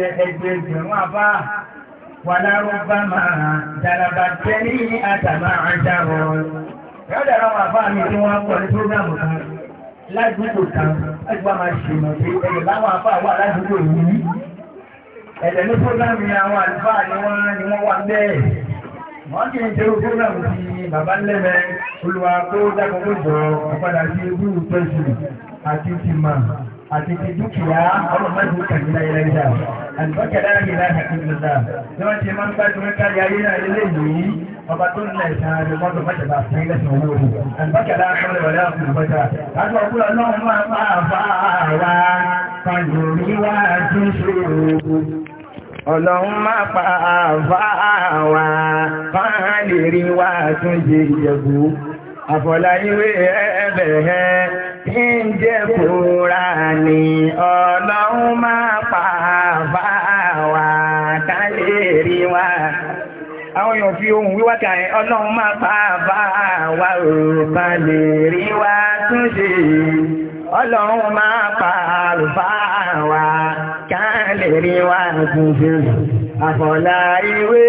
jẹ ẹgbẹ́ ẹgbẹ̀rún àbá wà lárúbá máa dàlàbà jẹ́ ní àtàmà àjàrọ̀. Yọ́dà àwọn àbá mi tí wọ́n pọ̀ ní prógrámù kan ládùúgbò kan ẹgbẹ́ máa ṣe mọ̀ pé ẹ̀yẹ̀ láwọn àbá wà ládùúgbò yìí. Ẹ̀dẹ̀ ní prógrámù yẹn àwọn àlùfáà ni wọ́n ni wọ́n wà bẹ́ẹ̀. Wọ́n kì í ṣe prógrámù ti bàbá lẹ́mẹ̀ olùwà tó dákọ̀ọ́ jọ àpadà àti ti dúkìá ọlọ́mọdé kàmílá ẹlẹ́dà àlùbọ́kẹ̀dá ìlà àkíńdà tí wọ́n ti máa ń gbájú ní kárí ayé náà ilé yìí ọba tó ní ẹ̀sán àti mọ́tò mọ́tàlá fún ilẹ̀ ìwọ̀n owó rẹ̀ àlùbọ́kẹ̀dá akọ́lẹ̀ wọlé àwọn olùbọ́jà láti ọkùnrin ọlọ́run máa máa fa àwa kàjòrí wá tún ṣe Ọlọ́run máa pa àfáàwà fáàlì rí wá tún ṣe ìyẹ̀bù. Àfọ̀láyíwé ẹ̀ẹ́bẹ̀ẹ́ ǹjẹ́ kúra ni ọlọ́run máa pa bá wa ká lè rí wa. Àwọn èèyàn fi ohun wíwá kà ẹ́ ọlọ́run máa pa bá wa ò ká lè rí wa túnṣe ọlọ́run máa pa àlùfáà wa ká lè rí wa tuntun àfọ̀lá ìwé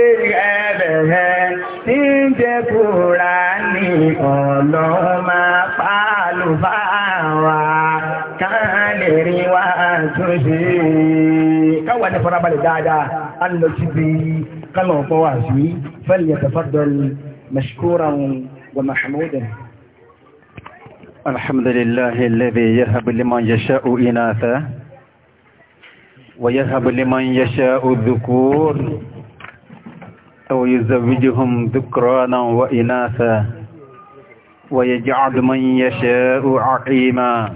ẹ̀bẹ̀rẹ̀ tí ń jẹ́ kúra ní ọlọ́run máa pa àlùfáà wa ká lè rí wa tuntun. káwa ní farabalẹ̀ dáadáa a kálọ̀ ọ̀pọ̀ wá sí fẹ́lẹ̀ yẹtẹ̀fọ́dọ̀lì mashkuran wa mahmudan. الحمد لله الذي يهب لمن يشاء إناثا ويهب لمن يشاء الذكور أو يزوجهم ذكرانا وإناثا ويجعل من يشاء عقيما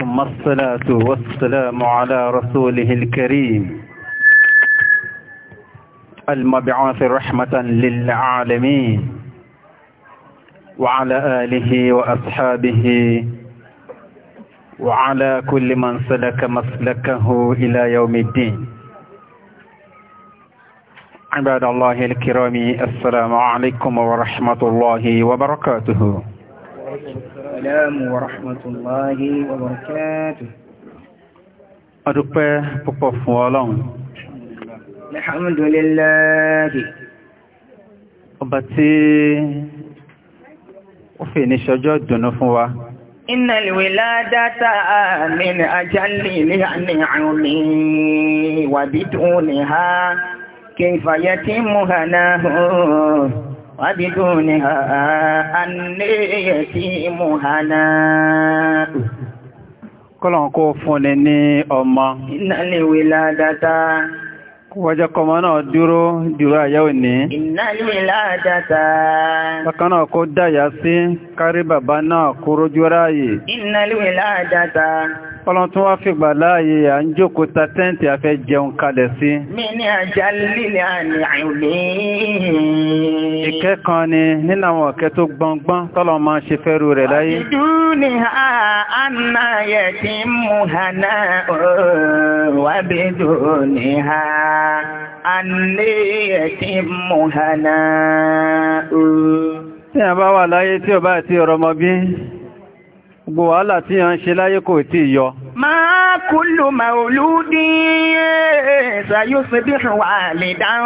ثم الصلاة والسلام على رسوله الكريم المبعوث رحمة للعالمين وعلى آله وأصحابه وعلى كل من سلك مسلكه إلى يوم الدين عباد الله الكرام السلام عليكم ورحمة الله وبركاته السلام ورحمة الله وبركاته أدوبة بوبوف والون الحمد لله أبتي ó fi ní ṣọjọ́ dùnú fún wa. Iná ìwèlá dátà min ajálì ní àrùn ní wàbídùn ní ha, kí ìfàyẹ tí mú ha náà hùn, ha, àníyẹ tí mú ha náà. Kọ́lọ̀ kó fún ni ní ọmọ. Iná ìwèlá Wọ́jẹ́ kọmọ náà dúró dúró àyẹ́wò ní. Ìnálìlá àjáta. Bákan náà kó dáyà sí kárí bàbá náà kó rójú ráyè ọlọ́run tó wá fìgbà láàyè à ń jókòó ta tẹ́ǹtì afẹ́ jẹun kalẹ̀ sí. mi ní ajá líle àní àìlè. ìkẹ́ ni nínú àwọn ọ̀kẹ́ tó gbọngbọ́n tọ́lọ̀ máa ṣe fẹ́rù rẹ̀ láyé. àdìdú ni a àna yẹ ti mú hànà wàbídò ni a àna yẹ ti mú hànà. tí a bá wà láyé tí ọba àti ọ̀rọ̀ ọmọ bí gbò wàhálà tí a ń ṣe láyé kò tí yọ. máa kullu mauludi sayusbihu walidan.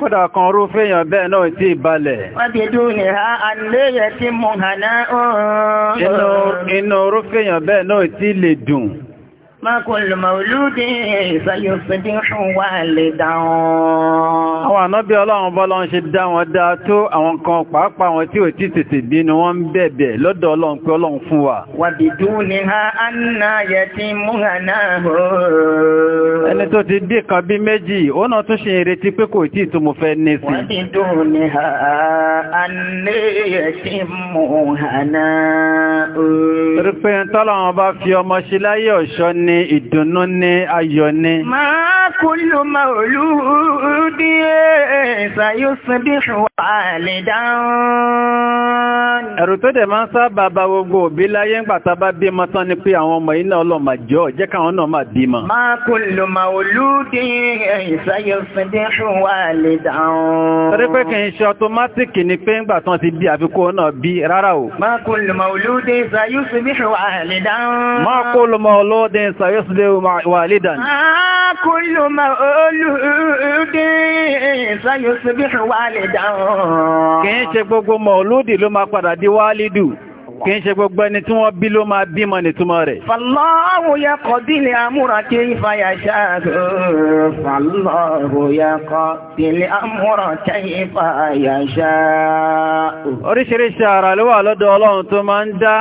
kódà kan rú fèèyàn bẹ́ẹ̀ náà tí balẹ̀. wọ́n ti dùn ní ha àléyẹ̀ tí mo hànà ọ̀rọ̀. inú rú fèèyàn bẹ́ẹ̀ náà tí lè dùn. ما كل مولود فيصبح والدا àwọn ànábí ọlọ́run bọ́lá ń ṣe dá wọn dá tó àwọn kan pàápàá wọn tí ò tí tètè bí ni wọ́n ń bẹ̀bẹ̀ lọ́dọ̀ ọlọ́run pé ọlọ́run fún wa. wàbìdú ni ha anna yẹ ti múhànáhùn ẹni tó ti bí kan bí méjì ó náà tún ṣe ìrètí pé kò tí tó fẹ́ ní sí. wọ́n ti dùn ní ha anéyẹsí mú hànà. torí pé tọ́lọ́wọ́n bá fi ọmọ ṣe láyé ọ̀ṣọ́ ní ìdùnnú ní ayọ̀ ní. máa kúlù màálù díẹ̀ ṣàyọ̀sìn bí Ẹ̀rù tó dẹ̀ máa ń sábà bá gbogbo òbí láyé ń gbàtà bá bí ọmọ tán ni pé àwọn ọmọ iná ọlọ́mà jọ jẹ́ káwọn náà máa bímọ. Máa kò lò máa ni pé ńgbà tán ti bí àfikún náà bí rárá o. Máa kò lò máa olúdí ìsáyẹ̀ fẹ́dẹ́ fún wà lè dáhùn. Máa kò lò máa olúdí ìsáyẹ̀ kìí ṣe gbogbo mọ̀lúdì ló ma padà di wálídù kìí ṣe gbogbo ẹni tí wọ́n bí ló ma bímọ nìtúmọ̀ rẹ̀. Fallahu yaqdil amra kayfa yasha. Fallahu yaqdil amra kayfa yasha. oríṣiríṣi ara ló wà lọ́dọ̀ ọlọ́run tó máa ń dá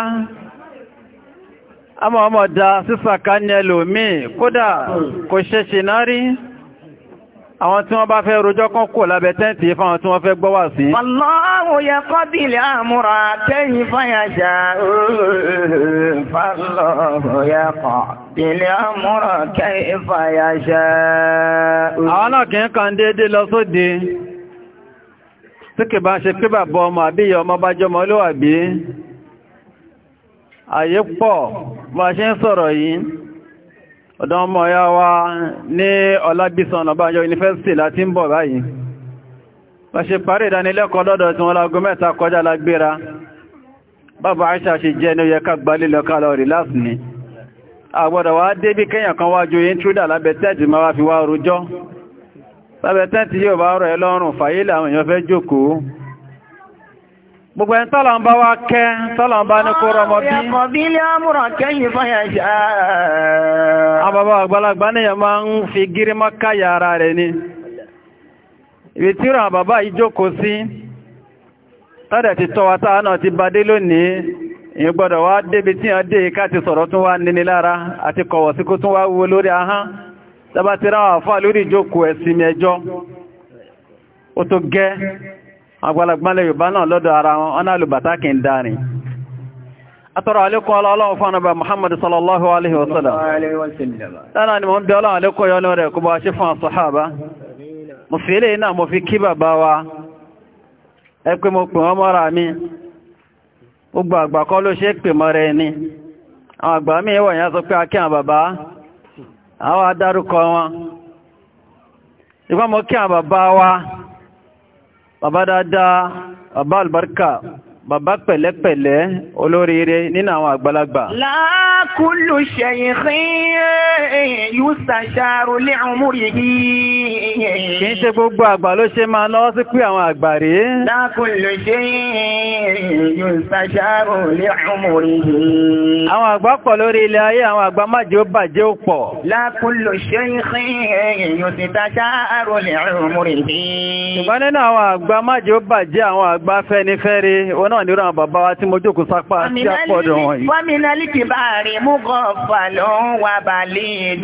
àmọ́ ọmọ dá sísàkánẹ́lòmíì kódà kò ṣe àwọn tí wọ́n bá fẹ́ rojọ́ kan kò lábẹ́ tẹ́ǹtì fáwọn tí wọ́n fẹ́ gbọ́ sí. Allahu yaqdil amra kayfa Allahu yaqdil amra kayfa yasha'u. Àwọn náà kì í kan déédé lọ sóde. Tíkì bá ṣe pé bàbá ọmọ àbí ìyá ọmọ bá jọmọ ọ̀dọ́ ọmọ ya wa ní ọlábísàn ọ̀bájọ́ yunifásitì láti ń bọ̀ báyìí bá ṣe parí ìdánilẹ́kọ̀ọ́ lọ́dọ̀ tí wọ́n lágó mẹ́ta kọjá lágbéra bàbá Aisha ṣe jẹ́ ní oyẹka gbalílọ kálọ̀rì lásìní àgbọ̀dọ̀ wá dé bí kẹ́yàn kan wájú intruder lábẹ́ tẹ́ẹ̀tì máa wá fi wá rojọ́ lábẹ́ tẹ́ẹ̀tì gbogbo ẹni tọ́lọ̀ ń bá wá kẹ́ tọ́lọ̀ ń bá ní kó rọmọ bí ilé ọmọrọ̀ kẹ́yìn ń fi gírí ara rẹ̀ ni Ibi tí ràn bàbá ìjókòó sí tọ́dẹ̀ ti tọ́wa táà náà ti badé lónìí ìyẹn gbọ́dọ̀ wá débi tí wọ́n dé ká ti sọ̀rọ̀ tún wá níní lára àti kọ̀wọ̀ sí kó tún wá wo lórí ahán tọ́bá ráwà fà lórí ẹ̀sìn ẹjọ́ ó tó gẹ́ agbalagbálẹ̀ yorùbá náà lọ́dọ̀ ara wọn ọ̀nà alùbàtà kì í dárin atọ́rọ ala ọlọ́run fún ọ̀nà muhammadu sallallahu alaihi wasallam lánàá ni mo ń ọlọ́run alékọ́ yọ́nú rẹ̀ kó bá ṣe fún àṣọ́hábá mo fi ilé náà fi kí bàbá wa ẹ kí wa bàbá dáadáa bàbá albarka bàbá pẹ̀lẹ́pẹ̀lẹ́ olóríire nínú àwọn àgbàlagbà. láàkúlù ṣẹ̀yìn yóò ṣàṣàrò lé àmúrí yìí. kì í ṣe gbogbo àgbà ló ṣe máa lọ́wọ́ sí pé àwọn àgbà rí. láàkúlù ṣẹ̀yìn yóò ṣàṣàrò lé àmúrí yìí. àwọn àgbà pọ̀ lórí ilẹ̀ ayé àwọn àgbà má jẹ́ ó bàjẹ́ ó pọ̀. láàkúlù ṣẹ̀yìn yóò ṣàṣàrò lé àmúrí yìí. ṣùgbọ́n nínú àwọn àgbà má jẹ́ ó bàjẹ́ àwọn àgbà fẹ́nifẹ́re náà nírò àwọn bàbá wa tí mo jókòó sápá sí àpọ̀dọ̀ wọn yìí. Fọ́mínálì kì bá rí mú gan fànà wà bà dùn.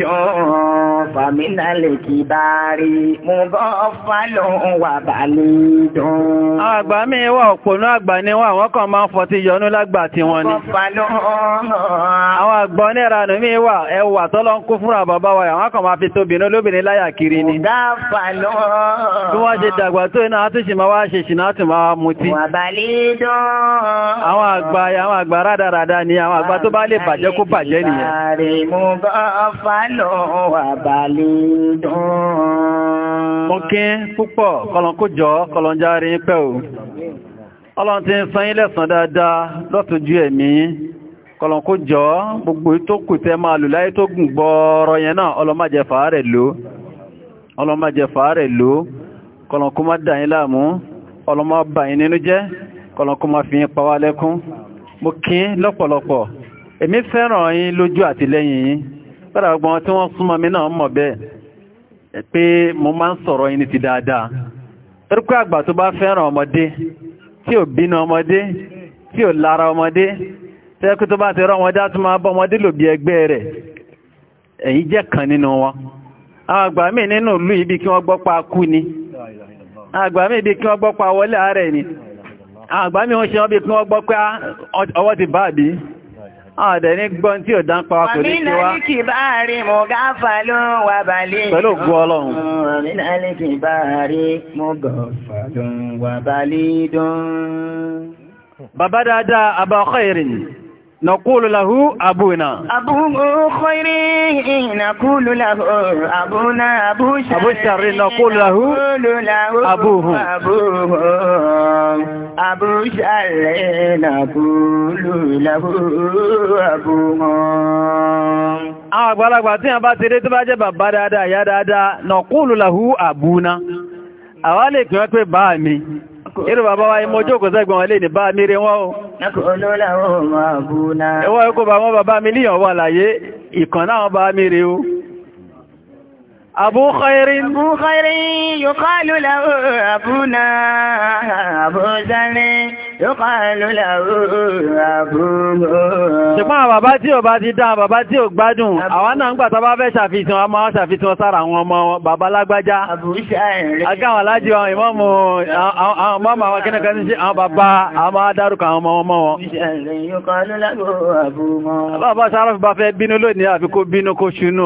Fọ́mínálì kì bá rí mú gan fànà wà bà dùn. àgbà mi wà òpònú àgbà ni wọ́n àwọn máa ń fọtí yọnú lágbà tí wọ́n ni. Àwọn àgbà oníranù mi wà ẹwà tọ́lọ́ ń kó fúnra bàbá wa àwọn kan máa fi tóbìnrin olóbìnrin láyà kiri ni. Bí wọ́n ṣe dàgbà tó iná àtúnṣe máa ṣe ṣìnà àtùmáwá Àwọn àgbà àwọn àgbà rádaràdá ni àwọn àgbà tó bá lè bàjẹ́ kó bàjẹ́ nìyẹn. Ààrẹ mú bá fálọ̀ wà bàlẹ̀ dùn. Mo kí púpọ̀ kọlọ̀ kó jọ kọlọ̀ járe pẹ́ o. Ọlọ́run ti ń san yín lẹ́san dáadáa lọ́tún ju ẹ̀mí kọlọ̀n kó jọ gbogbo tó kù máa lò láyé tó gùn gbọ́ọ̀rọ̀ yẹn náà ọlọ́májẹ fàárẹ̀ ló ọlọ́májẹ fàárẹ̀ ló kọlọ̀n má dà yín láàmú ọlọ́má yín nínú jẹ́ kọlọ̀kọ́ ma fi yín pa wá lẹ́kún mo kí lọ́pọ̀lọpọ̀ èmi fẹ́ràn yín lójú àtìlẹ́yìn yín pẹ́lá ọgbọ́n tí wọ́n súnmọ́ mi náà mọ̀ bẹ́ẹ̀ pé mo máa ń sọ̀rọ̀ yín ní ti dáadáa torípé àgbà tó bá fẹ́ràn ọmọdé tí ò bínú ọmọdé tí ò lára ọmọdé tẹ́kú tó bá ti rán ọmọdé á tún máa bọ́ ọmọdé lòbí ẹgbẹ́ rẹ̀ èyí jẹ́ kan nínú wọn àwọn àgbà míì nínú ìlú ibi kí wọ́n gbọ́ pa kú ni àgbà míì ibi kí wọ́n gbọ́ pa wọlé àárẹ̀ ni àgbà mi wọ́n ṣe wọ́n bí kí wọ́n gbọ́ pé ọwọ́ ti bá bí àdẹ̀ ní gbọ́n tí ò dán pa kò ní kí wá pẹ̀lú ògbó ọlọ́run bàbá dáadáa àbá ọkọ̀ ìrìn نقول له أبونا أبوه خير نقول له أبونا أبو شر نقول له أبوه أبوه أبو شر نقول له أبوه àwọn àgbàlagbà tí a bá ti rí tó bá jẹ́ bàbá dáadáa ìyá dáadáa naqulu lahu àbúná àwa lè pè wọ́n pé bàá mi irú bàbá wa yí mọ́jọ́ kò sẹ́gbọ̀n wọlé ní bá mire wọ́n o ẹwọ́ ikú bàbá bàbá mi níyàn wà láyé ìkàn náà bá mire o Abu Khairin Abu Khairin yóò kọ́ Abu náà ṣùgbọ́n àwọn bàbá tí ò bá ti dá bàbá tí ò gbádùn àwọn náà ń gbà tàbá fẹ́ ṣàfihàn a máa ṣàfihàn sára àwọn ọmọ bàbá lágbájá agáwọn alájí àwọn ìmọ́mù àwọn mọ́mù àwọn kínẹ́kẹ́ ní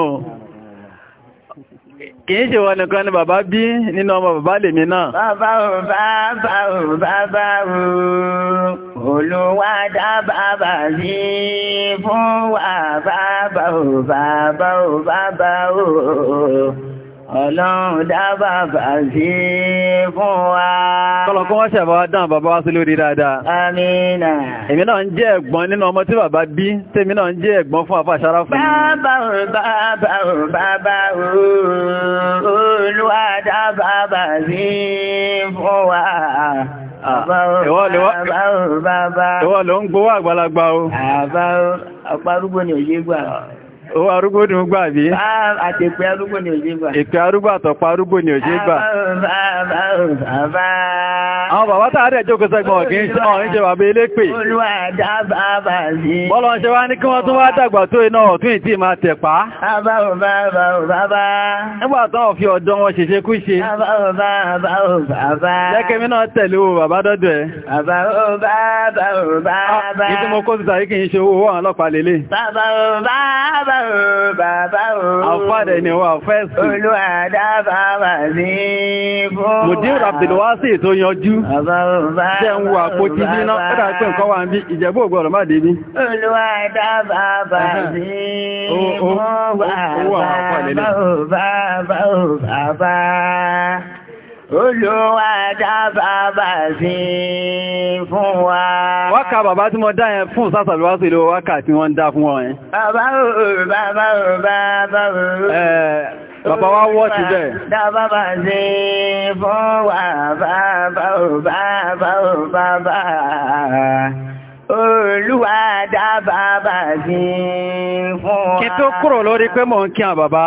kìí ṣe wọn nìkan ni bàbá bí nínú ọmọ bàbá lèmi náà. bàbá o bàbá o bàbá o olúwa dá bàbá sí fún wa bàbá o bàbá o bàbá o. Ọlọ́run dábàá fàṣí fún wa. Kọlọ̀kọ́ wọ́n ṣẹ̀bọ̀ dán bàbá wá sí lórí dáadáa. Amínà. Èmi náà ń jẹ́ ẹ̀gbọ́n nínú ọmọ tí bàbá bí, tèmi náà ń jẹ́ ẹ̀gbọ́n fún àfà ṣára fún. Bàbá o, bàbá o, bàbá o, olúwa dábàá fàṣí fún wa. Ah, Ìwọ́ ló ń gbowó àgbàlagbà o. Àbá o, àparúgbó ni òye gbà. Owó arúgbó ni ó gbà bí? Àti ìpé arúgbó ni òjé gbà. Ìpé arúgbó àtọ̀pá arúgbó ni òjé gbà. Àwọn bàbá tàà rẹ̀ jókòó sẹ́gbọ̀n kì í ṣe ọ̀rin jẹ bàbá elépè. Bọ́lọ̀ ṣe wá ní kí wọ́n tún wá dàgbà tó iná ọ̀tún ìtì máa tẹ̀pá. Nígbà tán ò fi ọ̀dọ́ wọn ṣe ṣe kú ṣe. Jẹ́kẹ́mí náà tẹ̀lé o bàbá mo kó síta yìí kì í ṣe owó àwọn ọlọ́pàá lélẹ̀. Bàbá o bàbá o. àfàdé ni wà fẹ́sì. olùwàdàbàbà sí fún wa. mùdírù abdulwasi tó yanjú. bàbá o bá jẹ́ ń wo àpótí bí náà ó dàgbé nǹkan wà ń bí ìjẹ́bú ògbó ọ̀rọ̀ má dé bí. olùwàdàbàbà sí fún wa bàbá o bàbá o bàbá. Olúwa dá bàbá sí fún wa. Wákà bàbá tí mo dá yẹn fún sásàlúwá sí ló wákà tí wọ́n dá fún wọn yẹn. Bàbá ò bàbá ò bàbá ò. Bàbá wá wọ́ ti bẹ̀. Dá bàbá sí fún wa bàbá ò bàbá ò bàbá. Olúwa dá bàbá sí fún wa. Kí tó kúrò lórí pé mò ń kí àwọn bàbá.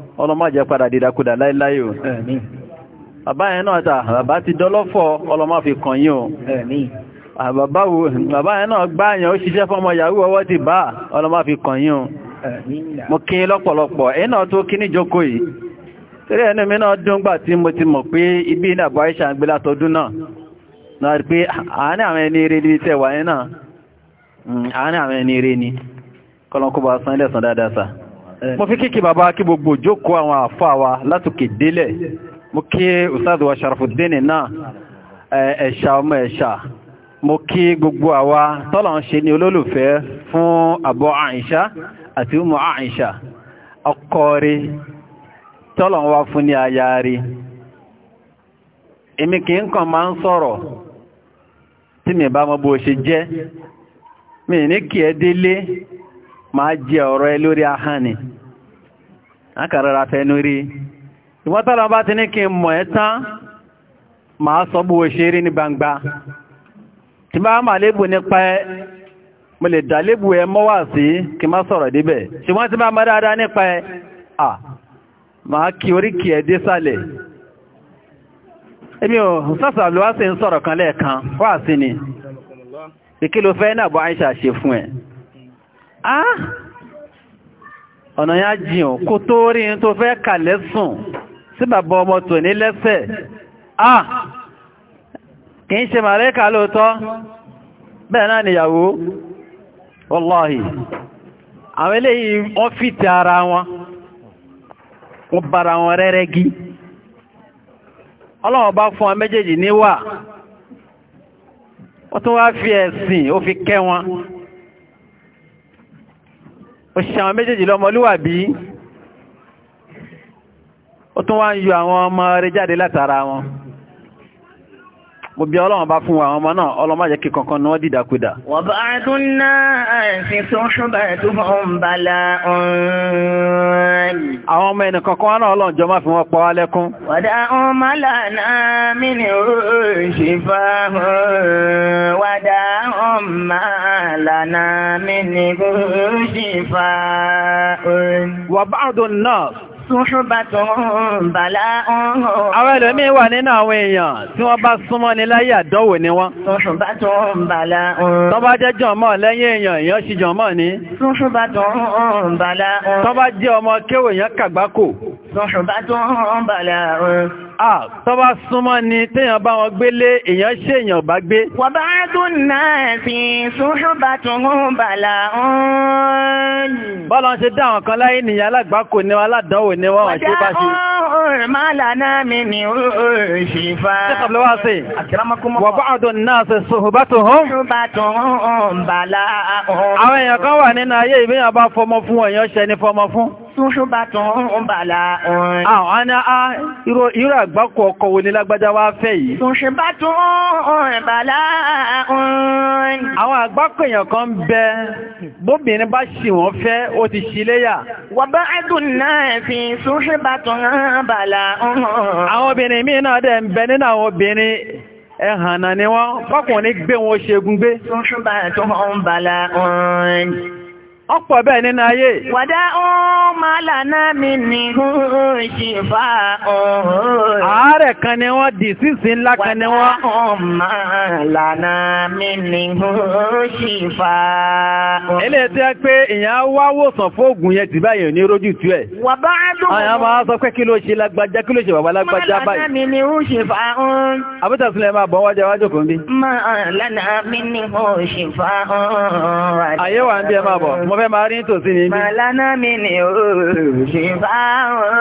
ọlọ́májẹ́ padà dìdakúdà láíláí o bàbá yẹn náà ta bàbá ti dọ́lọ́fọ́ ọlọ́má fi kàn yín o bàbá yẹn náà gbáyàn ó ṣiṣẹ́ fọ́mọ yahoo ọwọ́ ti bá ọlọ́má fi kàn yín o mo kí lọ́pọ̀lọpọ̀ ẹ̀nà tó kí ní jókó yìí torí ẹnu mi náà dún gbà tí mo ti mọ̀ pé ibi ní àbọ̀ àìṣà ń gbé látọdún náà náà rí pé àárín àwọn ẹni eré níbi tẹ́wàá yẹn náà hmm, àárín àwọn ẹni eré ni kọ́lọ́kọ́ bá san ilẹ̀ sàn dáadáa sáà Eh, mo fi kíkì bàbá kí gbogbo jókòó àwọn àfáà wa látòkè délẹ̀ mo kí ustad wa Sharafuddin náà eh, ẹ̀ṣà ọmọ ẹ̀ṣà mo kí gbogbo àwa tọ́lọ̀ ṣe ní olólùfẹ́ fún àbọ̀ àti máa jẹ ọ̀rọ̀ ẹ lórí ahánì akàrẹ́ra fẹ́nu rí ìwọ́n tọ́lọ bá ti ní kí n mọ̀ ẹ́ tán máa sọ bú òṣèré ní gbangba tí bá máa lébù nípa ẹ mo lè dà lébù ẹ mọ́wà sí kí má sọ̀rọ̀ débẹ̀ ṣùgbọ́n tí bá mọ́ dáadáa nípa ẹ à máa kí oríkì ẹ dé sálẹ̀ èmi ò sọ́sọ̀ àlùwá sí ń sọ̀rọ̀ kan lẹ́ẹ̀kan wà sí ni ìkìlò fẹ́ náà bọ́ àìṣà ṣe fún ẹ̀ ah ọ̀nà ya jìn kò tó rí tó fẹ́ kà lẹ́sùn sí bàbá ọmọ tò ní lẹ́sẹ̀ ah kì í ṣe màrẹ́kà lóòtọ́ bẹ́ẹ̀ náà nìyàwó Ọlọ́hì, àwọn eléyìí wọ́n fìtì ara wọn wọ́n bara wọn rẹ́rẹ́ gí ọlọ́wọ́ bá fún wọn méjèèjì níwà wọ́n tó wá fi ẹ̀sìn ó fi kẹ́ wọn òṣìṣẹ́ àwọn méjèèjì lọ́mọlúwàbí ó tún wá ń yọ àwọn ọmọ rẹ̀ jáde látara wọn mo bí ọlọ́run bá fún wa àwọn ọmọ náà ọlọ́mọ jẹ́ kí kankan ní wọ́n dìdàkudà. wọ́n bá tún náà fi tún ṣùgbọ́n àwọn ọmọ ẹnì kankan wọn náà ọlọ́run jọ máa fi wọ́n pa wá lẹ́kún. náà súnṣúbàtún bàlá ọ̀hún. Àwọn ẹlòmí wà nínú àwọn èèyàn tí wọ́n bá súnmọ́ ní láyé àdánwò ni wọ́n. Súnṣúbàtún bàlá ọ̀hún. Tọ́ bá jẹ́ jọ̀mọ́ lẹ́yìn èèyàn èèyàn ṣì jọ̀mọ́ ni. Súnṣúbàtún bàlá ọ̀hún. Tọ́ bá jẹ́ ọmọ kéwò èèyàn kàgbákò. Súnṣúbàtún bàlá ọ̀hún. Ah, tó bá súnmọ́ ni téèyàn bá wọn gbélé èèyàn ṣe èèyàn bá gbé. Wọ̀bá dùn náà fi ṣúṣúbà tún hún bàlá òun. Bọ́lá ń ṣe dá àwọn kan láyé nìyàn alágbàkò ni wọn aládánwò ni wọn wà ṣe bá ṣe. Wọ́n máa dùn náà ṣe ṣúṣúbà tún hún. Àwọn èèyàn kan wà nínú ayé ìbéèyàn bá fọmọ fún ọ̀yàn ṣẹni fọmọ fún. Ṣúṣúbà tún hún bàlá òun. Àwọn á ah, àgbákò ọkọ wo ni lágbájá wá fẹ́ yìí. Tùṣìbá tún ìbàlá ọ̀hún. Àwọn àgbákò èèyàn kan bẹ bóbìnrin bá ṣì wọ́n fẹ́ ó ti ṣí léyà. Wọ́n bá ẹ̀dùn náà fi tùṣìbá tún ìbàlá ọ̀hún. Àwọn obìnrin míì náà dẹ̀ ń bẹ nínú àwọn obìnrin ẹ̀hànà ni wọ́n fọ́kùnrin gbé wọn ṣe gúngbé. Tùṣìbá tún ìbàlá ọ̀hún ọ̀pọ̀ bẹ́ẹ̀ nínú ayé. Wàdá ọ̀hún máa lànà mi ní ṣìfà ọ̀hún. Àárẹ̀ kan ni wọ́n dì sísìn ńlá kan ni wọ́n. Wàdá ọ̀hún máa lànà mi ní ṣìfà ọ̀hún. Ilé tí a pé ìyá wá wòsàn fóògùn yẹn ti báyìí ní rójú tú ẹ̀. Wàbá àdúgbò. Àyà máa sọ pé kí ló ṣe lágbájá kí ló ṣe bàbá lágbájá báyìí. Máa lànà mi ní ṣìfà ọ̀hún. Àbúta fẹ́ máa rí tòsí ní ibi. màlánà mi ni ó ṣe fáwọn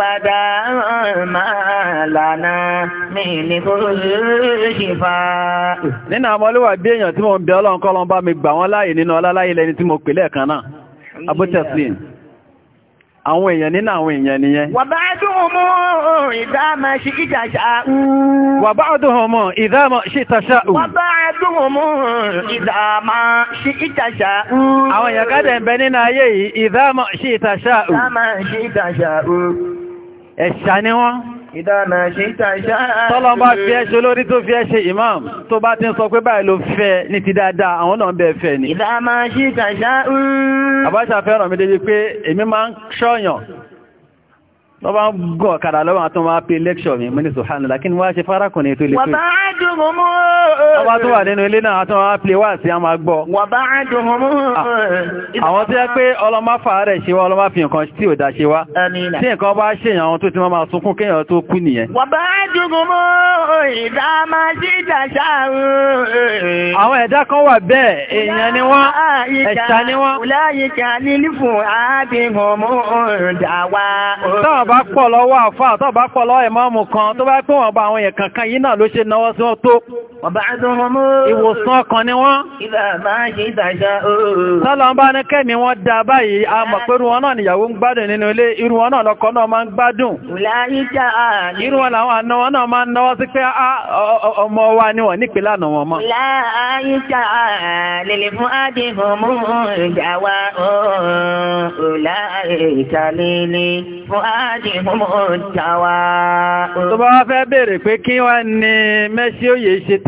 wàdà màlánà mi ni kò ṣe fà. nínú àwọn ọmọlúwàbí èèyàn tí mo ń bẹ ọlọ́nkọ́ lọ́n bá mi gbà wọ́n láàyè nínú ọlá láyé lẹni tí mo pè lẹ́ẹ̀kan náà abútẹ́sìn àwọn èèyàn nínú àwọn èèyàn nìyẹn. Wàbá bá dùn mọ́ ìdámọ̀ sí ìtàṣà ú. wà bá dùn mọ́ ìdámọ̀ sí ìtàṣà ú. wà bá dùn mọ́ ìdámọ̀ sí ìtàṣà ú. àwọn èèyàn kádẹ̀ ń bẹ nínú ayé yìí sí ìtàṣà ẹ̀ṣà ni wọ́n. ìdáná ṣe ìta iṣẹ́ tọ́lọ bá fi ẹ́ ṣe olórí tó fi ẹ́ ṣe imam tó bá ti ń sọ pé báyìí ló fẹ́ ní ti dáadáa àwọn náà bẹ́ẹ̀ fẹ́ ni ìdáná ṣe ìta iṣẹ́ wọ́n bá ń gọ̀ kàrà lọ́wọ́ àtún wá pé lẹ́kṣọ̀ mi mú ní ṣùhánàlá kí ni wá ṣe fárakùnrin tó lè pé wọ́n bá dùnmù mú ọba tó wà nínú ilé náà àtún wá pè wá sí àmà gbọ́ wọ́n bá dùnmù mú àwọn tí ẹ pé ọlọ́má fàárẹ̀ ṣe wá ọlọ́má fi wọ́n bá dùnmù mú ìdá máa ṣe ìdàṣà àwọn ẹ̀dá kan wà bá pọ̀ lọ́wọ́ àfáà tó bá pọ̀ lọ́wọ́ ìmáàmù kan tó bá pẹ́ wọn bá àwọn èèyàn kankan yìí náà ló ṣe náwó sí wọn tó Ìwòsàn ọkàn ni wọ́n. Sọ́lọ ń bá ní kẹ́mi wọ́n dá báyìí, a mọ̀ pé irú wọn náà nìyàwó ń gbádùn nínú ilé, irú wọn náà lọ́kọ náà máa ń gbádùn. Irú wọn làwọn àna wọn náà máa ń náwọ́ sí pé ọmọ wa ni wọ́n nípìlá nà wọn mọ́. Tó bá wá fẹ́ béèrè pé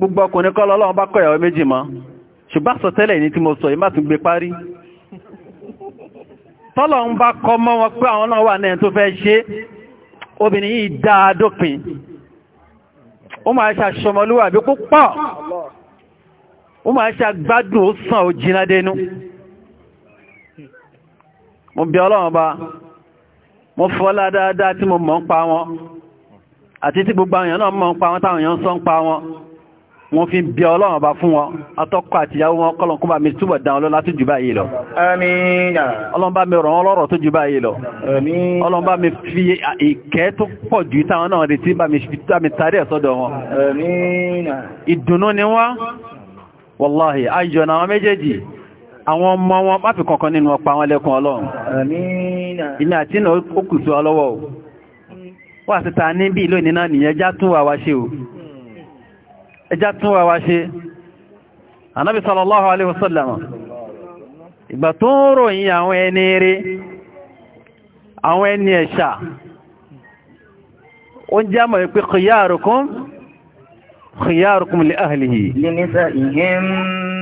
gbogbo ọkùnrin kọ́ lọ́lọ́wọ́ bá kọ̀yàwó méjì mọ́ ṣùgbọ́n sọ tẹ́lẹ̀ ní tí mo sọ yìí má tún gbé parí tọ́lọ̀ ń bá kọ mọ́ wọn pé àwọn náà wà náà tó fẹ́ ṣe obìnrin yìí dáa dópin ó máa ṣe àṣọmọlúwàbí kó ó máa ṣe àgbádùn sàn ó jiná dénú mo bí ọlọ́run bá mo fọ́lá dáadáa tí mo mọ̀ ń pa wọn àti tí gbogbo àwọn èèyàn náà mọ̀ ń pa wọn táwọn èèyàn sọ ń pa wọn wọ́n fi bí ọlọ́run ọba fún wọn atọ́kọ àtìyàwó wọn kọ́lọ̀ kúmbà mi túbọ̀ dán ọlọ́lá tó jù báyìí lọ. àmín. ọlọ́run bá mi rọ̀ wọ́n lọ́rọ̀ tó jù báyìí lọ. àmín. ọlọ́run bá mi fi ìkẹ́ tó pọ̀ jù táwọn náà retí bá mi tarí ẹ̀ sọ́dọ̀ wọn. àmín. ìdùnnú ni wọ́n wàláhì ayọ̀ náà méjèèjì àwọn ọmọ wọn bá fi kankan nínú ọpa wọn lẹ́kùn ọlọ́run. àmín. ìní àti ìnà ó kù sí ọlọ́wọ́ o. wọ́n àti ta níbí ẹjá tún wà wá ṣe anábi sallallahu alaihi wasallam ìgbà tó ń ròyìn àwọn ẹni rí àwọn ẹni ẹ̀ṣà ó ń jámọ̀ ìpé khiyarukum khiyarukum li ahlihi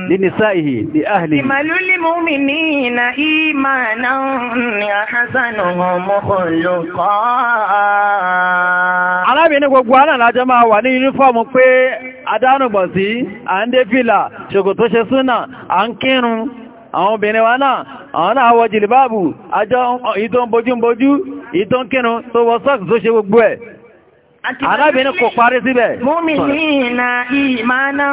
li nisa'ihi li ahlihi ìmàlúlì mu'minina imanan ahsanuhum adánùgbọ̀n sí à ń dé fìlà ṣòkòtò ṣe súnà à ń kírun àwọn obìnrin wa náà àwọn náà wọ jìlìbáàbù àjọ ìtò ń bojú ń bojú ìtò ń kírun tó wọ sọ́ọ̀kì tó ṣe gbogbo ẹ̀ Arábìnrin kò parí síbẹ̀. Múmìnà ìmáná.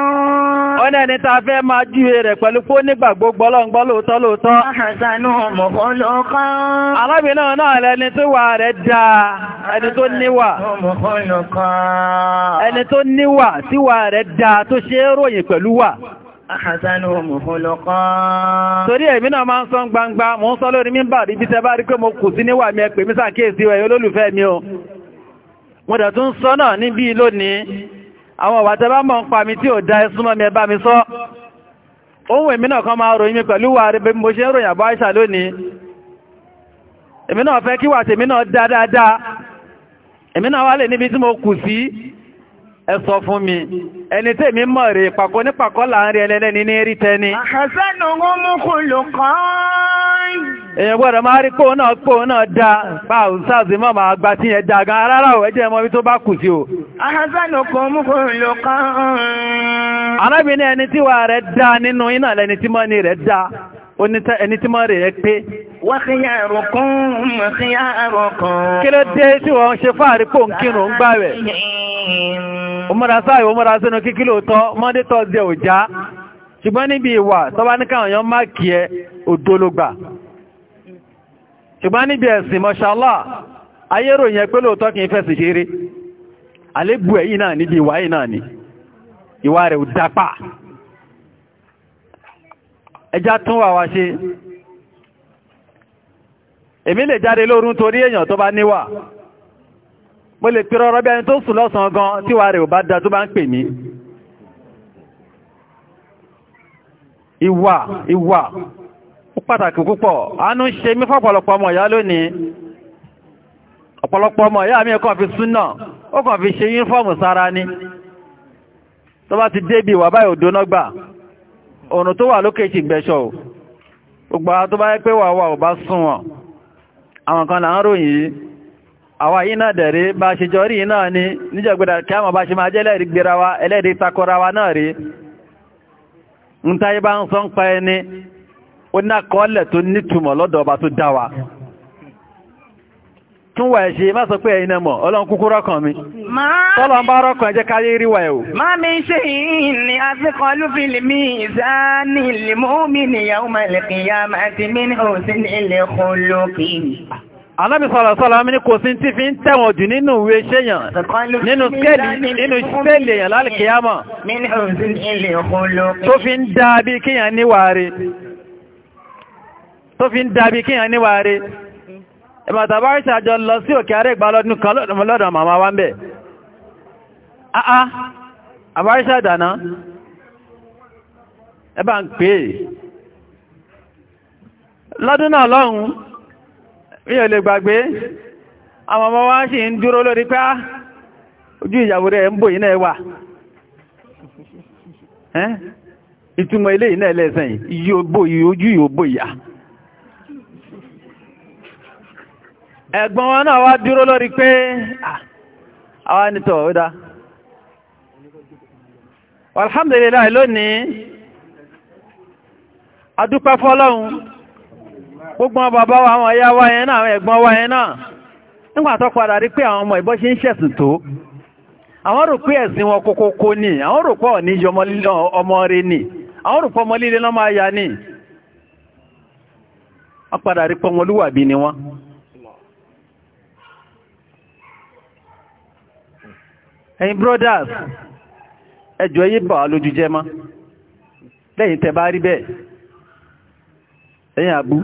Ó ní ẹni ta fẹ́ máa jíwe rẹ̀ pẹ̀lú kó nígbàgbọ́ gbọ́lọ́ngbọ́ lóòótọ́ lóòótọ́. Àṣànú mọ̀kọ́lọ́kọ́. Arábìnrin náà lẹni tó wà rẹ̀ dá ẹni tó níwà. Ẹni tó níwà tí wà rẹ̀ dá tó ṣe é ròyìn pẹ̀lú wà. Àhàzánú mọ̀kọ́lọ́kọ́. Torí èmi náà máa ń sọ gbangba, mo ń sọ lórí mímbà bí bí tẹ bá rí pé mo kù sí níwà mi pè mí sàkíyèsí ẹ̀yọ́ olólùfẹ́ mi o wọ́n dẹ̀ tún sọ náà níbí lónìí àwọn wàtẹ́bá mọ̀ ń pa mi tí ò dá ẹsúnmọ́ mi ẹbá mi sọ ohun èmi náà kan máa ròyìn mi pẹ̀lú wà rí bí mo ṣe ń ròyìn àbá ìṣà lónìí èmi náà fẹ́ kí ẹ sọ fún mi ẹni tí èmi mọ̀ rè pàkó ní pàkó láàrin ẹlẹ́lẹ́ni ní rí tẹni. àṣẹ́nu ń mú kò lò kán. èèyàn gbọ́dọ̀ máa rí pòun náà pòun náà dá bá àwọn sáàsì mọ́ máa gba tí yẹn dá gan rárá ò ẹjẹ́ mọ́ bí tó bá kù sí o. arábìnrin ẹni tí wà rẹ̀ dá nínú iná lẹni tí mọ́ni rẹ̀ dá ẹni tí mọ́ rẹ̀ rẹ̀ pé kí ló dé tí wọ́n ṣe fáàrí pò ń kírun ń òmúra sáà ìwòmúra sínú kíkí lóòótọ́ mọ́dé ò já ṣùgbọ́n níbi ìwà tọ́bá ní káwọn èèyàn ẹ òdo ṣùgbọ́n níbi ẹ̀sìn mọ́ṣálá ayérò yẹn pé lóòótọ́ kì fẹ́ sì ṣeré ẹ̀ yìí náà níbi ìwà yìí náà ni ìwà mo lè pèrọ ọ̀rọ̀ bí ẹni tó ń sùn lọ́sàn gan tí wà rẹ̀ ò bá dá tó bá ń pè mí ìwà ìwà ó pàtàkì púpọ̀ àánú ń ṣe mí fọ́pọ̀lọpọ̀ ọmọ ìyá lónìí ọ̀pọ̀lọpọ̀ ọmọ ìyá mi kàn fi súnà ó kàn fi ṣe yúnífọ́ọ̀mù sára ní tó bá ti débi ìwà báyìí òdó náà ọ̀nà tó wà lókè ti gbẹ̀ṣọ́ gbogbo àwọn tó bá yẹ pé wà wà ò bá sún àwọn kan là ń ròyìn yìí àwa yìí náà dẹ̀rí bá ṣe jọ rí náà ni níjọ̀gbẹ̀dà kí a mọ̀ bá ṣe máa jẹ́ wa wa náà rí ń táyé bá ń sọ ń pa ẹni ó ní àkọọ́lẹ̀ tó nítumọ̀ lọ́dọ̀ ọba tó tún wà ẹ̀ṣe má sọ pé ọlọ́run kúkú rọ́kàn mi tọ́lọ ń bá rọ́kàn káyé rí wà ẹ̀wò. má mi ṣe ni a Anábì sọ̀rọ̀sọ́lọ́ mi ní kò sí tí fi ń tẹ̀wọ̀n jù nínú ìwé ṣéyàn nínú skẹ́lì nínú ṣẹ́lì èèyàn lálìkìyàmọ̀ tó fi ń dábí kíyàn níwàárí. Tó fi ń dábí kíyàn níwàárí. Ìbàtà bá ríṣà jọ lọ sí òkè ààrẹ ìgbà lọ́dún kan lọ́dọ̀ màmá wá ń bẹ̀. Ah, ah. Lọ́dún náà lọ́hùn-ún, èyàn lè gbàgbé àwọn ọmọ wá sì ń dúró lórí pé ah, ojú ìyàwó rẹ̀ ń bò yí náà wà ìtumọ̀ ilé yìí náà lẹ́sẹ̀ yìí ojú ìyóbò ìyà ẹ̀gbọ́n wọn náà wá dúró lórí pé àwọn ẹnitọ̀ ó dá alhamdulillah lónìí adúpẹ́ gbogbo àwọn bàbá wa àwọn ìyá wa yẹn náà àwọn ẹ̀gbọ́n wa yẹn náà nígbà tó padà rí pé àwọn ọmọ ìbọ́ ṣe ń ṣẹ̀sìn tó àwọn rò pé ẹ̀sìn wọn ni àwọn rò pọ̀ ní ọmọ rẹ̀ ni àwọn rò pọ̀ ọmọ líle lọ́mọ aya ni A padà rí pọ̀ ọmọlúwàbí ni wọ́n ẹ̀yin brothers ẹjọ́ yí bà lójú jẹ́ lẹ́yìn tẹ bá rí bẹ́ẹ̀ ẹ̀yin àbú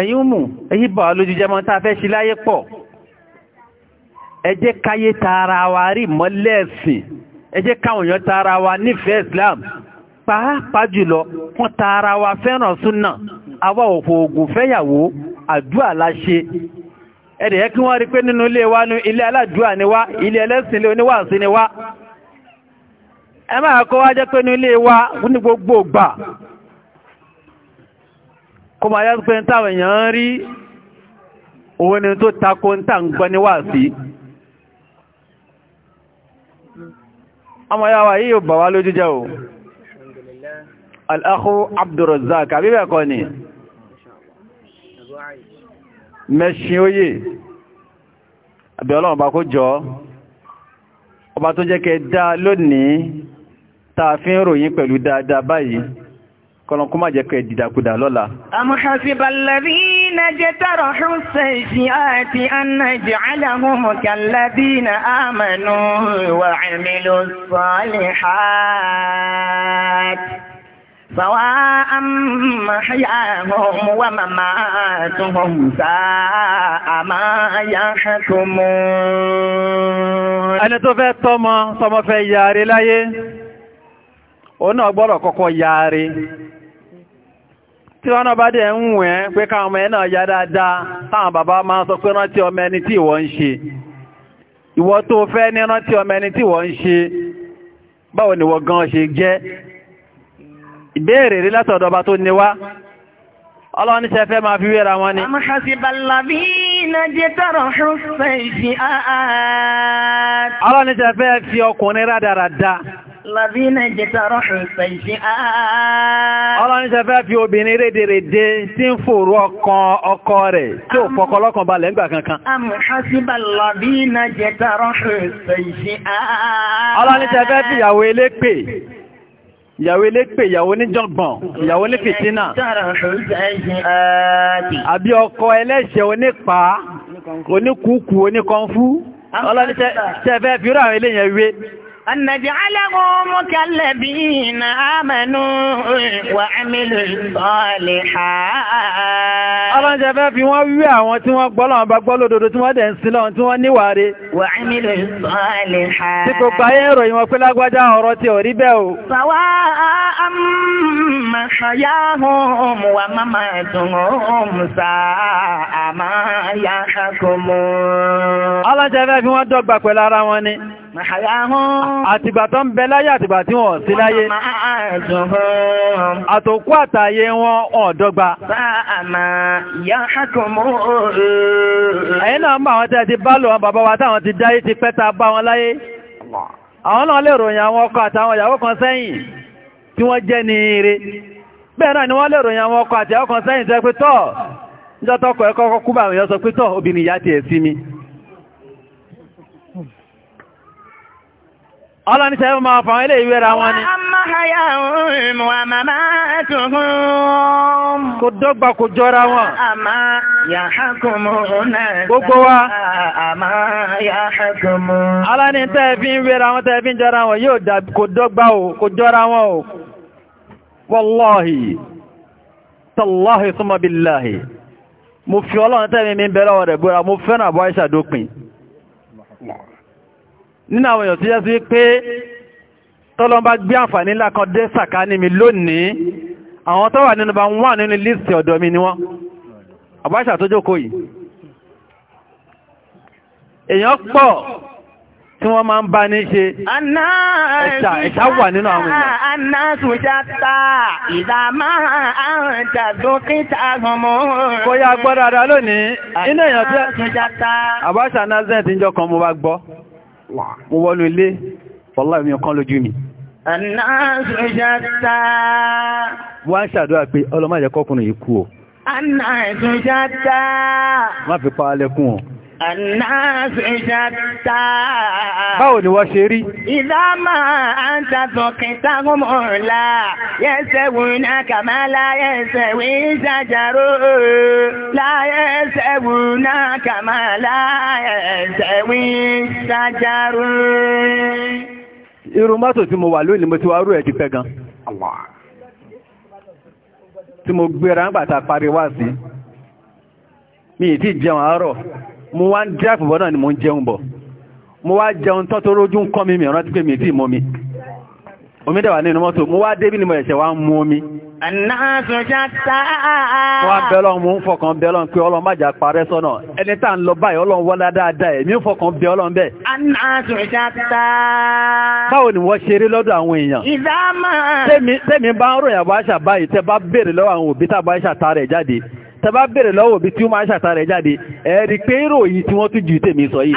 ẹ̀yin mú èyí bọ̀ lójújẹ́ mọ́ fẹ́ ṣe láyé pọ̀ ẹ káyé tara wa rí mọ́lẹ́ẹ̀sìn ẹ jẹ́ káwọn èèyàn tara wa nífẹ̀ẹ́ Islam pàápàá jùlọ wọ́n tara wa fẹ́ràn súnà àwa òfò ògùn fẹ́yàwó àdúà la ṣe ẹ̀rẹ̀ yẹ kí wọ́n rí pé nínú ilé wa ní ilé aládùúà ni wá ilé ẹlẹ́sìn ilé oníwàásí ni wá ẹ máa kọ́ wá jẹ́ pé nínú ilé wa ní gbogbo gbà kó máa yá pé táwọn èèyàn ń rí òun ni tó tako ń tà ń gbọ́ ní wàásí ọmọ yáwa yíò bà wá lójú jẹ́ o al'akhu abdurrazzaq àbíbẹ̀ ni mẹ́ṣin oyè àbí bá kó jọ ọba tó jẹ́ kẹ dá lónìí tààfin ròyìn pẹ̀lú dáadáa báyìí kọlọ̀ kó má jẹ́ kẹ́ dìdàkudà lọ́la. àmúhàsíbàlẹ́bí na jẹ́ tàrà ṣúnṣẹ́ ìṣì àti annájẹ́ aláhùnmùkàlẹ́bí na àmànú wà ẹni tó fẹ́ tọ́mọ tọ́mọ fẹ́ yàrí láyé òun náà gbọ́dọ̀ kọ́kọ́ yaare tí wọ́n náà bá dẹ̀ ń wẹ̀ pé káwọn ọmọ ẹ̀ ya dáadáa táwọn bàbá máa sọ pé rántí ọmọ ẹni tí ìwọ ń ṣe ìwọ tó fẹ́ ní rántí ọmọ ẹni tí ìwọ ń ṣe báwo ni wọ́n gan ṣe jẹ́ ìbéèrè rí látọ̀dọ̀ tó ní wá Làbínà jẹta rọ́rùn ìfẹ̀ṣẹ́ ààrẹ. Ọlọ́run ṣe fẹ́ fi obìnrin rédèrèdè tí ń fòrò ọkàn ọkọ rẹ̀ tí ò fọkọ lọ́kàn balẹ̀ ńgbà kankan. Àmùhásíbà làbínà jẹta rọ́rùn ìfẹ̀ṣẹ́ ààrẹ. Ọlọ́run ṣe fẹ́ fi ìyàwó elépè ìyàwó elépè ìyàwó oníjọ̀gbọ̀n ìyàwó ní fìtínà àbí ọkọ ẹlẹ́ṣẹ̀ onípa oníkùkù oníkọ̀ǹfú ọlọ́ni tẹ́fẹ́ fi rú àwọn eléyẹn wé أن نجعله مكلبين آمنوا وعملوا الصالحات Ọlọ́njẹ́ fẹ́ fi wọ́n wí àwọn tí wọ́n gbọ́ lọ́wọ́ bá tí wọ́n dẹ̀ ń sí lọ́wọ́ tí wọ́n níwà rẹ̀. وعملوا الصالحات. Tí kò gbáyé ìròyìn wọn pé lágbájá ọ̀rọ̀ tí ò rí bẹ́ẹ̀ o. سواء محياهم ومماتهم àtìgbà tó ń bẹ láyé àtìgbà tí wọ́n sí láyé àtòkú àtàyé wọn ọ̀dọ́gba ẹ̀yìn náà mọ́ àwọn tẹ́ ti bá lò wọn bàbá wa táwọn ti dáyé ti pẹ́ta bá wọn láyé àwọn náà lè ròyìn àwọn ọkọ àtàwọn ìyàwó kan sẹ́yìn tí wọ́n jẹ́ ní ire bẹ́ẹ̀ náà ni wọ́n lè ròyìn àwọn ọkọ àtàwọn kan sẹ́yìn tẹ́ pé ìjọ́tọ́kọ̀ ẹ̀kọ́kọ́ kúbà àwọn sọ pé obìnrin ìyá ti ẹ̀ sí mi Allah ní sẹ́fẹ́ máa fàwọn ilé ìwé ra wọn ni. Wọ́n máa hayà òun wà màmá tuntun. Kò dọ́gba kò jọra wọn. Àmà yàhákùnmù náà. Gbogbo wa. Àmà yàhákùnmù. Allah ní tẹ́ẹ̀fí ń wéra wọn tẹ́ẹ̀fí ń jọra wọn yóò dà kò dọ́gba o kò jọra wọn o. Wallahi, tallahi, summa billahi. Mo fi ọlọ́run tẹ́ẹ̀mí mi bẹ̀rẹ̀ ọ̀rẹ̀ búra, mo nínú àwọn èèyàn tí yẹ́ sí pé tọ́lọ́mbá gbé àǹfààní ńlá kan dé mi lónìí àwọn tó nínú bá wà nínú líìsì ọ̀dọ̀ mi ni wọ́n àbáṣà tó jókòó yìí èèyàn pọ̀ tí wọ́n máa ń bá ní ṣe ẹ̀ṣà wà nínú àwọn èèyàn. Aná sùjátà ìdámá ń jọ kan mo bá gbọ́ mo wọ́nú ilé fọ́lá mi ọkàn lójú mi. Wọ́n ṣàdúrà pé ọlọ́mọ àjẹkọ́kùnrin yìí kú o. Anáàsù fi pa alẹ́kùn o. Ànáṣẹ́ṣàtà. Báwo ni wọ́n ṣe rí? Ìdámà àǹtàtọ̀ kìtà gúnmọ̀lá, yẹ́sẹ̀ wùnà kàmálá yẹ́sẹ̀ wí ṣàjàrò, láyẹ́sẹ̀ wùnà kàmálá yẹ́sẹ̀ wí ṣàjàrò. Irú mọ́tò tí mo wà lónìí mo ti wá rú ẹ̀ ti gan. Tí mo gbéra ń gbàtà parí sí, mi ì tí jẹun àárọ̀ mo wá ń dráàpù bọ́ náà ni mo ń jẹun bọ̀ mo wá jẹun tọ́ tó rójú ń kọ́ mi mi ọ̀rán pé mi tí mọ́ mi omi dẹ̀wà nínú mọ́tò mo wá débí ni mo ẹ̀ṣẹ̀ wá ń mú omi mo wá bẹ́lọ́n mo ń fọkàn bẹ́lọ́n pé ọlọ́n májà parẹ́ sọ́nà ẹni tá tẹ́bá bèrè lọ́wọ́ bí tí ó máa ń ṣàtà rẹ̀ jáde ẹ̀ẹ́dì pé ìròyìn tí wọ́n tún jù tèmi sọ yìí.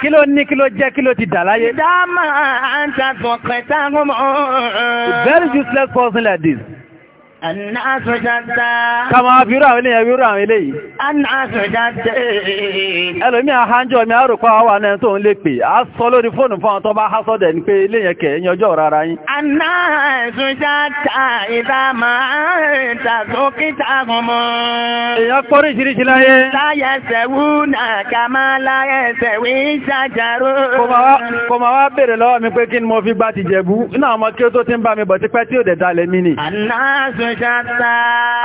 kí ló ní kí ló jẹ́ kí ló ti dà láyé. dáàmà àǹtà tó kẹta gbọmọ. very useless person like this. Annáṣọ dáadáa. Ká máa fi rú àwọn ilé ẹ̀wí rú àwọn ilé yìí. Annáṣọ dáadáa. Ẹlòmí àhánjọ́ mi àrùpá wà náà tó ń lè pè, a sọ lórí fóònù fún àwọn tó bá hásọ́dẹ̀ ní pé ilé yẹn kẹ̀ yanjọ́ rárá yín. Annáṣọ dáadáa ìdá máa ń tàbókítà gọmọ. Èèyàn pọ́rí ìṣiríṣi láyé. Láyẹsẹ̀ wú náà ká máa láyẹsẹ̀ wí ṣàjàrò. Kò máa wá bèèrè lọ́wọ́ mi ń bá ṣáta.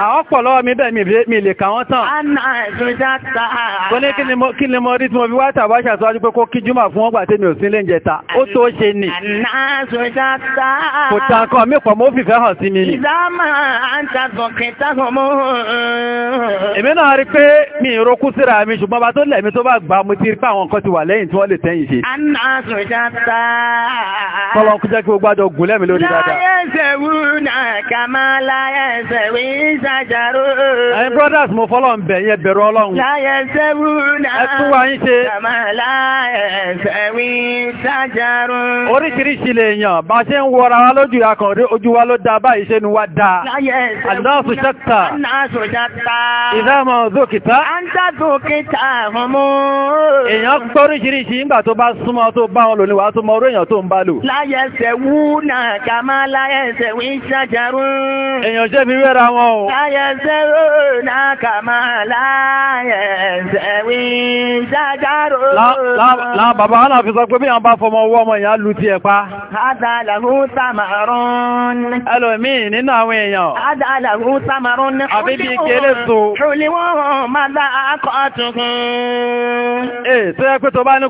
Àwọn pọ̀ lọ́wọ́ mi bẹ́ẹ̀ mi lè kà wọ́n tán. Anna ẹ̀sùn ṣáta. Kò ní kí ni mo rí tí mo fi wá tàbá ṣàtọ́jú pé kó kí Júmọ̀ fún wọn gbà tí mi ò sí lè jẹta. Ó tó ṣe nì. Anna ẹ̀sùn ṣáta. Kò tàn kan mí pọ̀ mọ́ fìfẹ́ hàn sí mi ni. Ìdámà àǹtà sọ̀kẹ́ táwọn mọ́. Èmi náà rí pé mi ì rokú síra mi ṣùgbọ́n bá tó lẹ̀mí tó bá gbà mo ti rí pé àwọn nǹkan ti wà lẹ́yìn tí wọ́n lè tẹ́yìn ṣe. Anna ẹ̀sùn ṣáta. Kọ́lọ́ kú jẹ́ kí gbogbo àjọ gùn lẹ́mi lórí dáadáa. Láyé náà kàmá láyẹ̀sẹ̀ wí ṣàjàrò. ẹ̀yin brothers mo fọ́lọ̀ ń bẹ̀ yẹn bẹ̀rù ọlọ́run. láyẹ̀sẹ̀ wù náà kàmá láyẹ̀sẹ̀ wí ṣàjàrò. oríṣiríṣi lè yàn bá ṣe ń wọra wa lójú akàn rí ojú wa ló da báyìí ṣe ni wa da. láyẹ̀sẹ̀ wù náà anáṣù ṣàtà. ìdámọ̀ dókítà. à ń dá dókítà fún mú. èèyàn gbọ́ríṣiríṣi tó bá súnmọ́ tó bá wọn lò níwà tó mọ orí èèyàn tó ń bá lò. láyẹ̀sẹ̀ náà kàmá láyẹ̀sẹ̀ wí ṣ ṣàjàrú. Èèyàn ṣẹ́ fi wẹ́ra wọn o. Ayẹ̀ṣẹ́ rò náà kà máa láyẹ̀ṣẹ́ wí ṣàjàrú. Láwọn bàbá wọn náà fi sọ pé bí àwọn bá fọmọ owó ọmọ èèyàn lu ti ẹ̀ pa. Adàlàhú Samarun. Ẹlòmíì nínú àwọn èèyàn. Adàlàhú Samarun. Àbí bí kéré so. Ṣòlí wọ́n hàn máa dá akọ àtùkùn. Ee, tó yẹ pé tó bá ní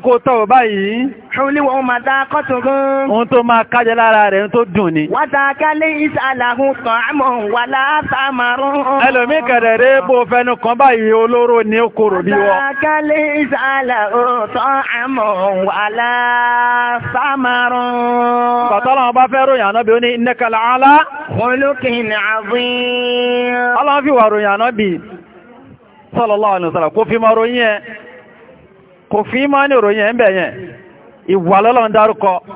báyìí. Ṣòlí máa dá akọ àtùkùn. tó máa kájẹ lára rẹ̀ tó dùn ni. Wàtàkálẹ̀ lẹ́yìn aláhùn tán àmọ́ wà látàmárún. ẹlòmíì bó kan báyìí olóró ni ó korò bí wọ́n. àtàkálẹ̀ aláhùn tán àmọ́ wà látàmárún. bàtọ́lá wọn bá fẹ́ ròyìn ànábì ó ní nẹ́kàlà alá. olókìn àbín. ọlọ́run kò fi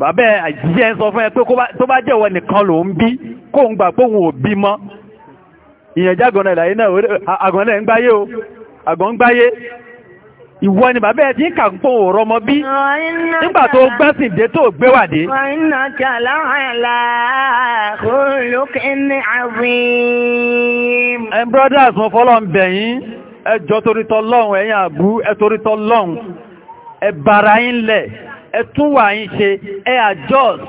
bàbá àjíṣẹ́ sọ fún ẹ pé tó bá jẹ́wọ́ nìkan ló ń bí kó ń gbà póhùn òbí mọ́ ìyẹn jágọ̀nà ìlàyé náà àgọ̀nà ń o àgọ̀ gbáyé ìwọ ni bàbá ẹ ti ń kà ń pọ̀ ọ̀rọ̀ ọmọ bí nígbà tó gbẹ́sìn dé tó gbé wà dé. iná brothers mo fọlọ́ ń bẹ̀ yín ẹ jọ torítọ́ lọ́hùn ẹ̀yìn àbú ẹ torítọ́ lọ́hùn ẹ bàrà yín lẹ̀. ẹ tún wà yín ṣe ẹ adjust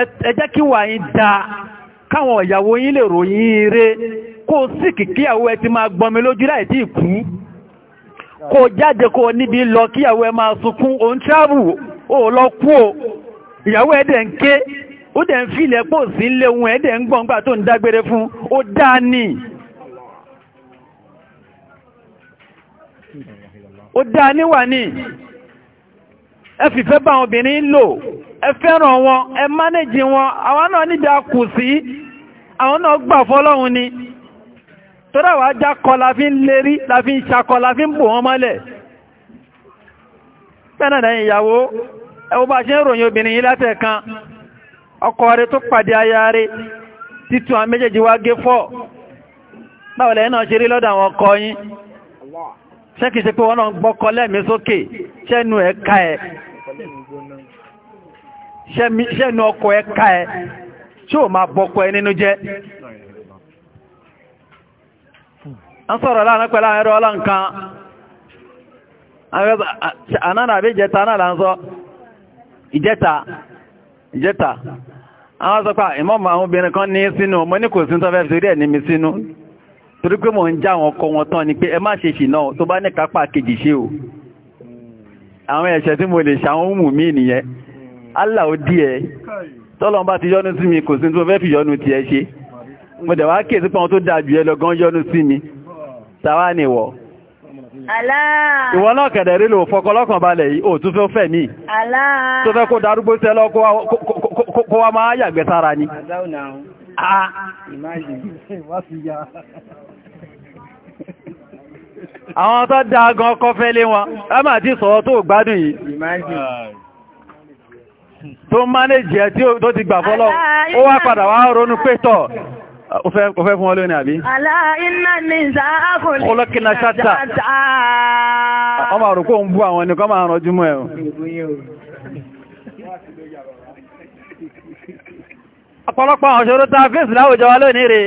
ẹ jẹ́ kí wà yín dáa káwọn ìyàwó yín lè ròyìn rẹ̀ kó sì kìkíyàwó ẹ ti máa gbọmi lójú láì tí ìkú kó jáde kó níbi lọ kíyàwó ẹ máa sunkún òun travel ó lọ kú o ìyàwó ẹ dẹ̀ ń ké ó dẹ̀ ń filẹ̀ pò sí ilé ẹ dẹ̀ ń gbọ̀ngbà tó ń dágbére fún ó dáa ní ó dáa níwà ní ẹ fìfẹ́ bá obìnrin lò ẹ fẹ́ràn wọn ẹ mánéjì wọn àwọn náà nídà kù sí àwọn náà gbà fọ́lọ́hun ni tọ́rọ wà já kọ láfí ń lérí láfí ń ṣakọ láfí ń bò wọn mọ́lẹ̀ pẹ́nàdà ìyàwó ẹwọ bá ṣe ń ròyìn obìnrin yìí látẹ̀ kan ọkọ rẹ̀ tó pàdé aya rẹ̀ títún àwọn méjèèjì wá gé fọ́ báwọlẹ̀ náà ṣe rí lọ́dọ̀ àwọn ọkọ yín ṣé pé wọ́n náà gbọ́kọ lẹ́mìí sókè ṣẹ́nu ẹ̀ka ẹ̀ ṣẹ́nu ọkọ̀ ẹ ká ẹ ṣé ò máa ẹ nínú jẹ a sọ̀rọ̀ láàrín pẹ̀lú àwọn ẹ̀rọ ọlọ́nkan anáà àbí ìjẹta náà là ń sọ ìjẹta ìjẹta àwọn sọ pé ìmọ̀mọ̀ àwọn obìnrin kan ní sínú mo ní kò sí tó fẹ́ fi rí mi sínú torí pé mò ń já àwọn ọkọ wọn tán ni pé ẹ má ṣe ṣìnà tó bá ní kápá kejì ṣe o àwọn ẹ̀ṣẹ̀ tí mo lè ṣàwọn ohun mi nìyẹn Allah ó dí ẹ tọ́lọ́n bá ti yọ́nú sí mi kò sí tó fẹ́ fi yọ́nú ti ẹ ṣe mo dẹ̀ wá kéèsí pọ́n tó dájú ẹ lọ́gán yọ́nú sí mi tàwa ni wọ̀ ìwọ náà kẹ̀dẹ̀ rí lò fọkọlọ́kàn balẹ̀ yìí ò tún fẹ́ fẹ́ mi tó fẹ́ kó darúgbó tẹ́lọ kó wá máa yàgbẹ́ sára ni àwọn tó dá gan kọfẹ́ lé wọn ẹ máa ti sọ tó gbádùn yìí tó mánéjì ẹ tó ti gbà fọ́lọ́ ó wá padà wá ronú pétọ̀ ó fẹ́ fún ọlọ́ni àbí ọlọ́kìnà ṣáta ọmọ àrùkú ń bú àwọn ẹnìkan máa rànjú mọ́ ẹ̀ ọ̀pọ̀lọpọ̀ àwọn ṣòro ta fèsì láwùjọ wa lónìí rèé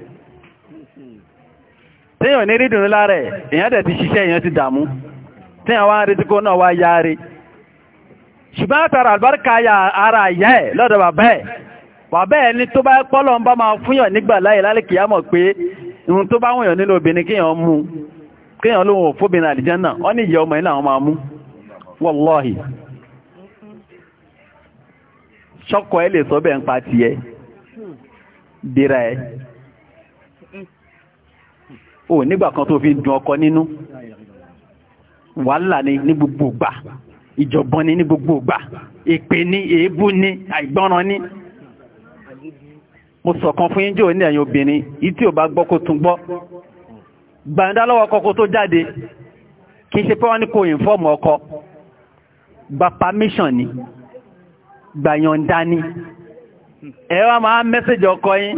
tíyàn ní rídùn lára ẹ̀ èyàn tẹ̀ ti ṣiṣẹ́ èyàn ti dàmú tíyàn wá ń retí kó náà wá rí ṣùgbọ́n àtàrà àlùbáríkà ara ìyá ẹ̀ lọ́dọ̀ bàbá ẹ̀ bàbá ẹ̀ ní tó bá pọ́lọ̀ ń bá máa fúnyàn nígbà láyé lálẹ́kìá pé O nígbà kan tó fi ń dun ọkọ nínú wàhálà ni ní gbogbo ìgbà ìjọ̀gbọ́n ni ní gbogbo ìgbà èpè ni èébú ni àìgbọ́ràn ni mo sọ̀kan fún yín jò ní ẹ̀yin obìnrin yìí tí ò bá gbọ́ kó tún gbọ́ gbàǹdà lọ́wọ́ ọkọ kó tó jáde kì í ṣe pé wọ́n ní kò ìnfọ́ọ̀mù ọkọ gba permission ni gbàyànjá ni ẹ wá máa mẹ́sẹ̀jì ọkọ yín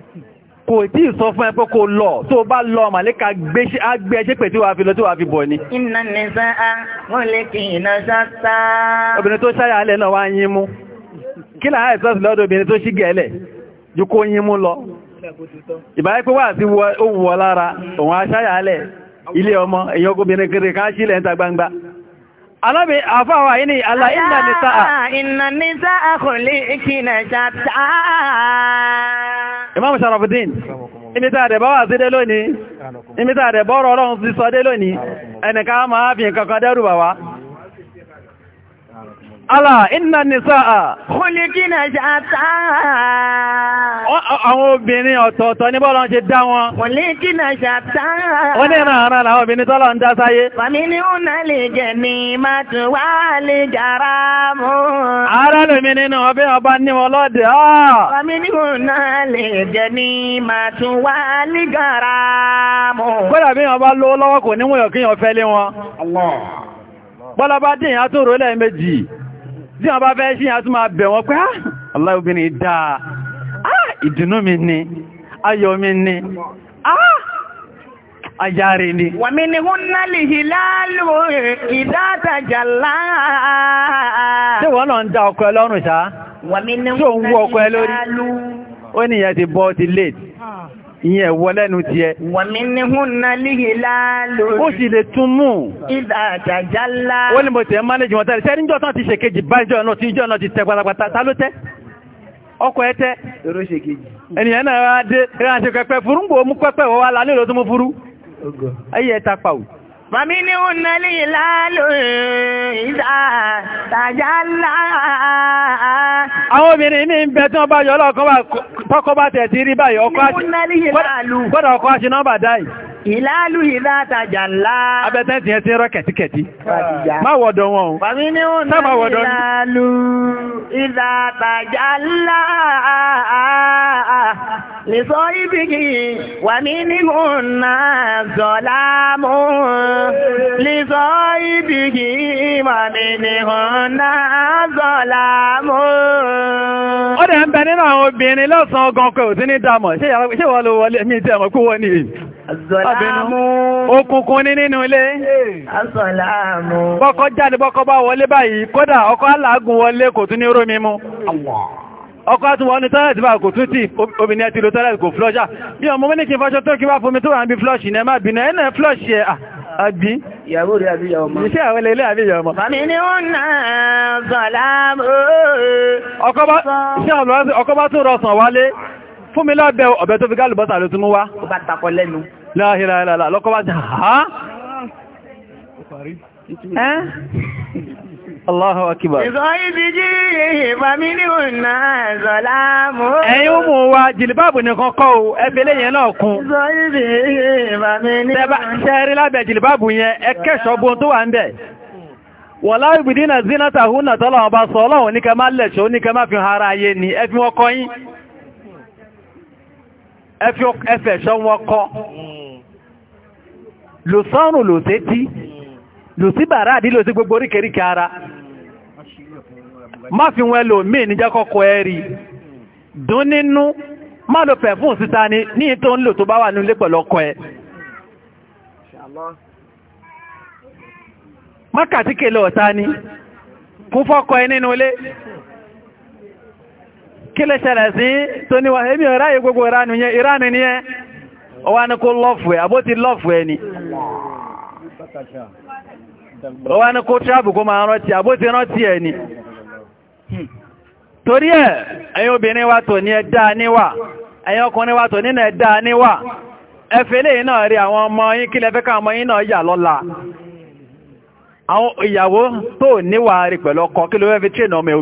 kò tí ì sọ fún ẹ pé kò lọ tó o bá lọ màlẹ́ka gbé ẹṣẹ́ pẹ̀ tí wàá fi lọ tí wàá fi bọ̀ ni. iná ní sáà wọ́n lè kí iná sáà. obìnrin tó ṣáyà alẹ́ náà wá yín mú kí là á ilé ọmọ èyàn obìnrin kiri ká sílẹ̀ ń ta gbangba alábi àfáwà yìí ni alá ìnà nìsáà ìnà nìsáà kò lè kí nà ṣàtàà Imam Sharafuddin imita rẹ̀ bá wà sí dé lónìí imita rẹ̀ bọ́rọ̀ ọlọ́run ti sọ dé lónìí ẹnìká máa fi nǹkan kan dẹ́rù bà Alá, iná ní sáà. Kúlì jìnà ṣàtà. Àwọn obìnrin ọ̀tọ̀ọ̀tọ̀ ní bọ́lá ṣe dá wọn. Kúlì jìnà ṣàtà. Ó ní ìrìn àrán àwọn obìnrin tọ́lọ ń dá sáyé. Fàmí ní ọ̀nà lè jẹ ní Màtúwá lè jàrá mú. Ara lómi nínú ọbẹ̀ ọba ní wọn lọ́dẹ̀ ọ́. Fàmí ní ọ̀nà lè jẹ ní Màtúwá lè jàrá mú. Kódà bí wọn bá lówó lọ́wọ́ kò níwọ̀n yọ̀ kí yọ̀ fẹ́ lé wọn. Bọ́lá bá dín ìyá tó rò lẹ́ẹ̀mejì. tí wọ́n bá fẹ́ ṣí àti máa bẹ̀ wọ́n pé ah, Allah obìnrin dáa ah, ìdùnnú mi ni ayọ̀ mi ni ah, ajáre ni wàmí ni hún náà lè hì láàlù ìdátajà láàá tí wọ́n náà ń dá ọkọ̀ ẹlọ́rùn ṣá wàmí hún náà lè hì láàlù ó ti bọ́ ti late ìyẹn wọ lẹ́nu ti ẹ. wọ̀mí ni hún náà líhì láàlú. ó sì lè tún mú. ìdá àjàjá ńlá. ó ní mo tẹ̀ ń mánéjì wọn tẹ́lẹ̀ sẹ́ni jọ́tàn ti ṣèkejì bá jọ náà ti ìjọ náà ti tẹ pátápátá ta ló tẹ́ ọkọ̀ ẹ tẹ́. lóró ṣèkejì. ènìyàn náà dé furu ń bò ó mú wá furu. ta pa Fàmínú nàlí lálò ìdá tàjálà. Àwọn obìnrin ní ń bẹ tí wọ́n bá yọ ọlọ́ọ̀kọ́ bá tẹ̀ sí rí báyìí ọkọ̀ àti nọ́mbà dáì. Ìlàlú ìlàtàjà ńlá. Abẹ́tẹ́ ti ẹ ti rọ kẹ̀tíkẹ̀tí. Má wọ̀dọ̀ wọn o. Bàbí ní òun náà ìlàlú ìlàtàjà ńlá. Lè sọ ibìkì wà ní níhùn náà zọ̀lá mú. Lè sọ ibìkì wà ní níhùn náà zọ̀lá mú. Ó dẹ̀ ń bẹ nínú àwọn obìnrin lọ́sàn-án gan-an kò ní dámọ̀. Ṣé ìwọ ló wọlé mi tí ẹ̀mọ̀ kó wọ́n ní Àbínú, òkùnkùn ní nínú ilé. Àṣọ̀láàmù. Bọ́kọ jáde bọ́kọ bá wọlé báyìí, kódà ọkọ aláàgùn wọlé kò tún ní oró mímú. Ọkọ àti wọ́n ní tọ́lẹ̀tì bá kò tún tí obìnrin ti lo tọ́lẹ̀tì kò flọ́ṣà. Bí ọmọ mọ́ ní kí fọ́ṣọ́ tó kí wá fún mi tó wà ń bí flọ́ṣì ní ẹmá bìnà ẹ̀nà flọ́ṣì ẹ̀ ah, àbí. Ìyàwó rẹ̀ fún mi lọ́bẹ̀ ọ̀bẹ̀ tó fi gálùbọ́sà ló tún wá ó lẹ́nu láàrínláà lọ́kọ́ bá ti ha Allahu akbar. Ìzọ́ ibi jí mú. wa jìlìbáàbù nìkan kọ́ o, náà kún. Ìzọ́ lábẹ̀ jìlìbáàbù yẹn, ẹ kẹ́ṣọ́ tó wà ń bẹ̀ wọ̀lá ìbìdínà zínátà húnnà tọ́lọ̀ ọba sọ ní kẹ máa lẹ̀ṣọ́ ní kẹ fi ayé ni ẹfẹ̀ ṣọ́ wọn kọ́ lò sọ́rùn lò sí tí lò sí bàrá àdí lò sí gbogbo oríkèríkè ara má fi wọn lò míì ní jẹ́kọ́kọ́ ẹ dún nínú má lo pẹ̀fún síta ni ní tó ń lò tó bá wà nílé pẹ̀lọ́kọ́ ẹ má kàtíkè lọ ọ̀tá ni kún fọ́kọ́ ẹ nínú ilé kí lè ṣẹlẹ̀ sí tó ní wà èmi ọ̀rá gbogbo ìránù yẹn ìránù ní ẹ ọwá ní kó lọ́fù ẹ àbó lọ́fù ni ọwá ní kó tíráàbù kó máa rántí àbótí rántí ẹ ni torí ẹ ẹ̀yin obìnrin wa tò ní ẹ̀dá níwà ẹ̀yin ọkùnrin wa tò nínú ẹ̀dá níwà ẹfẹ́ lè náà rí àwọn ọmọ yín kí lẹ́fẹ́ ká ọkọ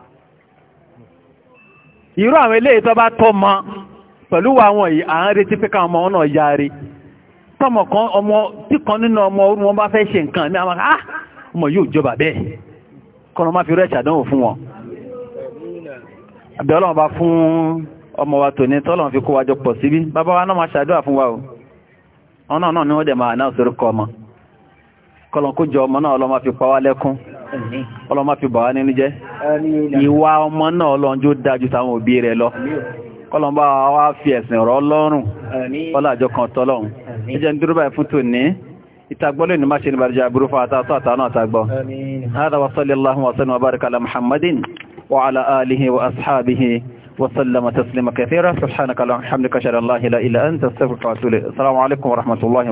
irú àwọn eléyìí tó bá tọ́ ma pẹ̀lú àwọn yìí à ń retí pé káwọn ọmọ náà yarí tọmọ kan ọmọ tí kan nínú ọmọ orú wọn bá fẹ́ ṣe nǹkan ní àwọn ah ọmọ yóò jọba bẹ́ẹ̀ kọ́nà má fi rẹ̀ ṣàdánwò fún wọn àbẹ̀ ọlọ́run bá fún ọmọ wa tòní tọ́lọ́run fi kó wájọ pọ̀ síbí bàbá wa náà máa ṣàdúrà fún wa o ọ̀nà náà ni wọ́n dẹ̀ máa náà sórí kọ́ ọmọ kọ́lọ́n kó jọ ọmọ náà ọlọ́mọ fi pa wá lẹ́kún ọlọ́mọ fi bàwá nínú jẹ́ ìwà ọmọ náà lọ́njọ́ dájú sáwọn òbí rẹ̀ lọ kọlọmbà wá fi ẹ̀sìn ọ̀rọ̀ ọlọ́run ọlájọ́ kan tọ́lọ́run ẹjẹ́ ń dúró báyìí fún tòní ìtàgbọ́ lónìí má ṣe ní bàrìjà burú fún àtàtọ́ àtàwọn àtàgbọ́ hada wa sallallahu wa sallam wa baraka ala muhammadin wa ala alihi wa ashabihi wa sallama taslima alaikum wa rahmatullahi